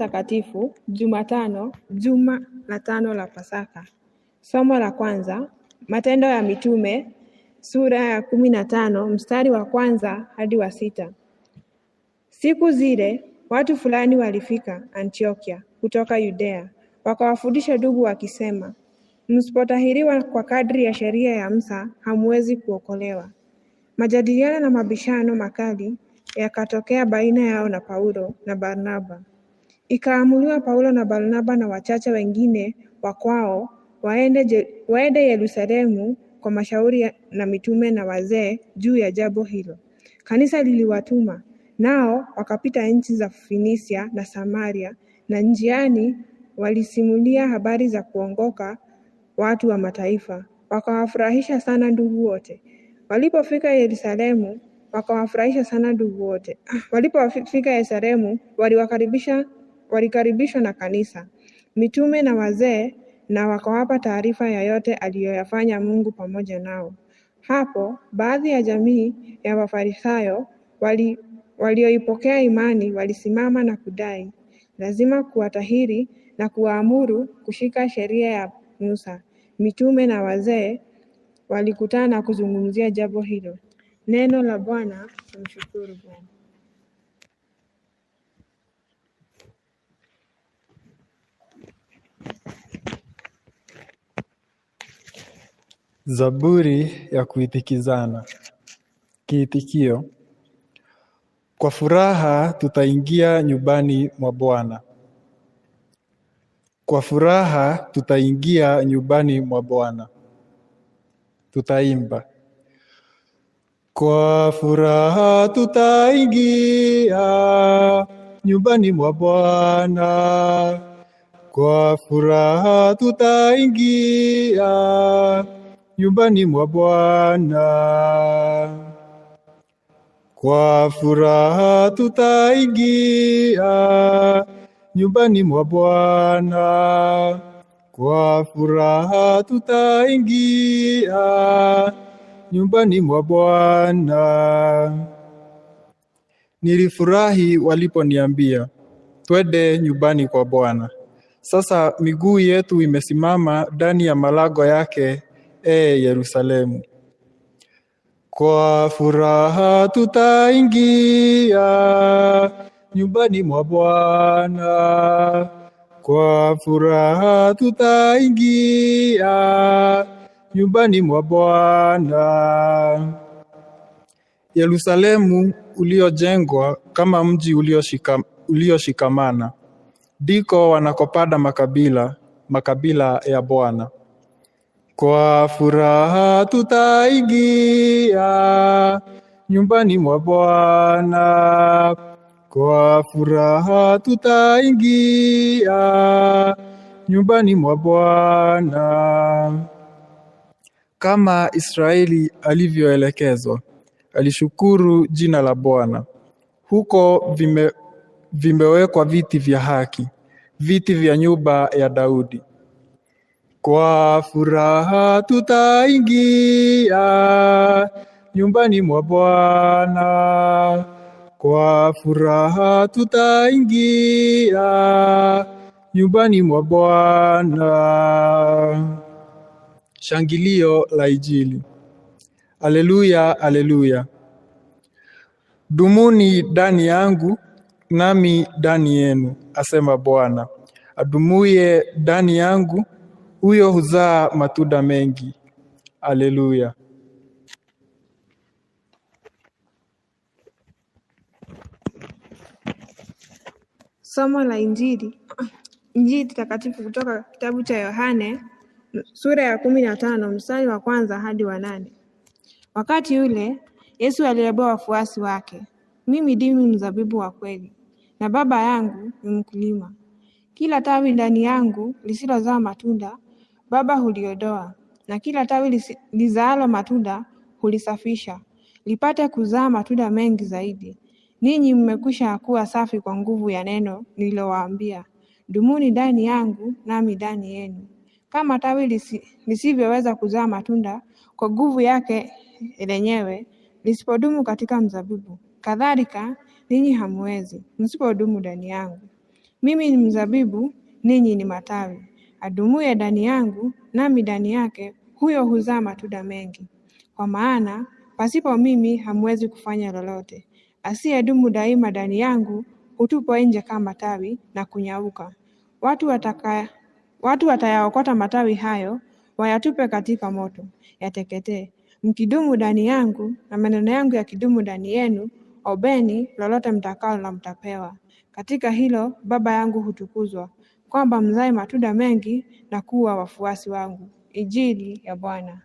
Takatifu Jumatano juma la tano la Pasaka. Somo la kwanza Matendo ya Mitume sura ya kumi na tano mstari wa kwanza hadi wa sita. Siku zile watu fulani walifika Antiokia kutoka Yudea, wakawafundisha ndugu wakisema, msipotahiriwa kwa kadri ya sheria ya Musa hamwezi kuokolewa. Majadiliano na mabishano makali yakatokea baina yao na Paulo na Barnaba Ikaamuliwa Paulo na Barnaba na wachache wengine wa kwao waende Yerusalemu kwa mashauri na mitume na wazee juu ya jambo hilo. Kanisa liliwatuma, nao wakapita nchi za Finisia na Samaria, na njiani walisimulia habari za kuongoka watu wa mataifa, wakawafurahisha sana ndugu wote. Walipofika Yerusalemu, wakawafurahisha sana ndugu wote. Ah, walipofika Yerusalemu, waliwakaribisha Walikaribishwa na kanisa, mitume na wazee na wakawapa taarifa ya yote aliyoyafanya Mungu pamoja nao. Hapo baadhi ya jamii ya Wafarisayo wali, walioipokea imani walisimama na kudai lazima kuwatahiri na kuwaamuru kushika sheria ya Musa. Mitume na wazee walikutana kuzungumzia jambo hilo. Neno la Bwana. Tumshukuru Bwana. Zaburi ya kuitikizana. Kiitikio: kwa furaha tutaingia nyumbani mwa Bwana. Kwa furaha tutaingia nyumbani mwa Bwana. Tutaimba: kwa furaha tutaingia nyumbani mwa Bwana. Kwa furaha tutaingia nyumbani mwa Bwana. Kwa furaha tutaingia nyumbani mwa Bwana. Kwa furaha tutaingia nyumbani mwa Bwana. Nilifurahi waliponiambia twende nyumbani kwa Bwana. Sasa miguu yetu imesimama ndani ya malago yake e Yerusalemu. Kwa furaha tutaingia nyumbani mwa Bwana, kwa furaha tutaingia nyumbani mwa Bwana. Yerusalemu uliojengwa kama mji ulioshikamana ulio ndiko wanakopanda makabila makabila ya Bwana. Kwa furaha tutaingia nyumbani mwa Bwana, kwa furaha tutaingia nyumbani mwa Bwana. Kama Israeli alivyoelekezwa, alishukuru jina la Bwana. Huko vime, vimewekwa viti vya haki, viti vya nyumba ya Daudi. Kwa furaha tutaingia nyumbani mwa Bwana. Kwa furaha tutaingia nyumbani mwa Bwana. Shangilio la Injili. Aleluya, aleluya. Dumuni ndani yangu nami ndani yenu, asema Bwana. Adumuye ndani yangu huyo huzaa matunda mengi. Haleluya. Somo la Injili. Injili takatifu kutoka kitabu cha Yohane sura ya kumi na tano mstari wa kwanza hadi wa nane. Wakati ule Yesu aliwaambia wafuasi wake, mimi ndimi mzabibu wa kweli, na Baba yangu ni mkulima. Kila tawi ndani yangu lisilozaa matunda Baba huliodoa na kila tawi lizaalo matunda hulisafisha, lipate kuzaa matunda mengi zaidi. Ninyi mmekwisha kuwa safi kwa nguvu ya neno nililowaambia. Dumuni ndani yangu, nami ndani yenu. Kama tawi lisi, lisivyoweza kuzaa matunda kwa nguvu yake lenyewe, lisipodumu katika mzabibu, kadhalika ninyi hamwezi msipodumu ndani yangu. Mimi ni mzabibu, ninyi ni matawi. Adumuye ndani yangu, nami ndani yake, huyo huzaa matunda mengi, kwa maana pasipo mimi hamwezi kufanya lolote. Asiyedumu daima ndani yangu hutupwa nje kama tawi na kunyauka. Watu wataka, watu watayaokota matawi hayo wayatupe katika moto, yateketee. Mkidumu ndani yangu na maneno yangu yakidumu ndani yenu, obeni lolote mtakalo na mtapewa. Katika hilo Baba yangu hutukuzwa kwamba mzae matunda mengi na kuwa wafuasi wangu. Injili ya Bwana.